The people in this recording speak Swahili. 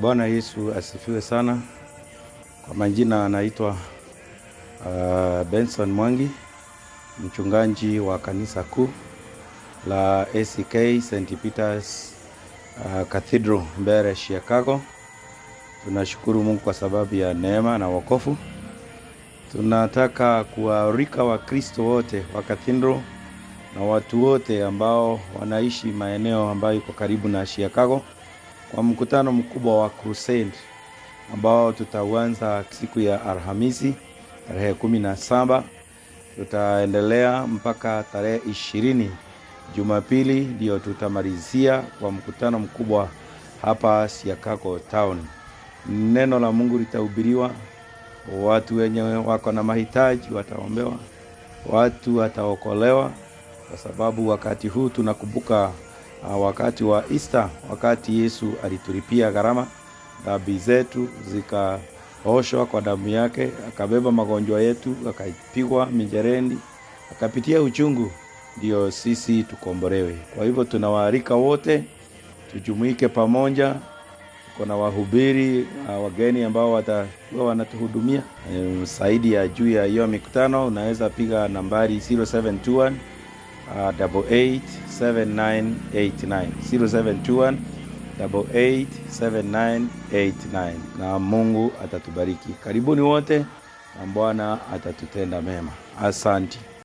Bwana Yesu asifiwe sana. Kwa majina anaitwa uh, Benson Mwangi, mchungaji wa kanisa kuu la ACK St. Peter's uh, Cathedral Mbeere Chicago. Tunashukuru Mungu kwa sababu ya neema na wokovu. Tunataka kuwaalika Wakristo wote wa Cathedral na watu wote ambao wanaishi maeneo ambayo iko karibu na Chicago kwa mkutano mkubwa wa crusade ambao tutauanza siku ya Alhamisi tarehe kumi na saba tutaendelea mpaka tarehe ishirini Jumapili ndio tutamalizia kwa mkutano mkubwa hapa siakako Town. Neno la Mungu litahubiriwa, watu wenye wako na mahitaji wataombewa, watu wataokolewa, kwa sababu wakati huu tunakumbuka Ah, wakati wa Easter, wakati Yesu alitulipia gharama, dhambi zetu zikaoshwa kwa damu yake, akabeba magonjwa yetu, akapigwa mijerendi, akapitia uchungu ndio sisi tukombolewe. Kwa hivyo tunawaalika wote tujumuike pamoja. Kuna wahubiri ah, wageni ambao watakuwa wanatuhudumia saidi eh, ya juu ya hiyo mikutano. Unaweza piga nambari 0721 887989 uh, 0721 na Mungu atatubariki. Karibuni wote na Bwana atatutenda mema. Asante.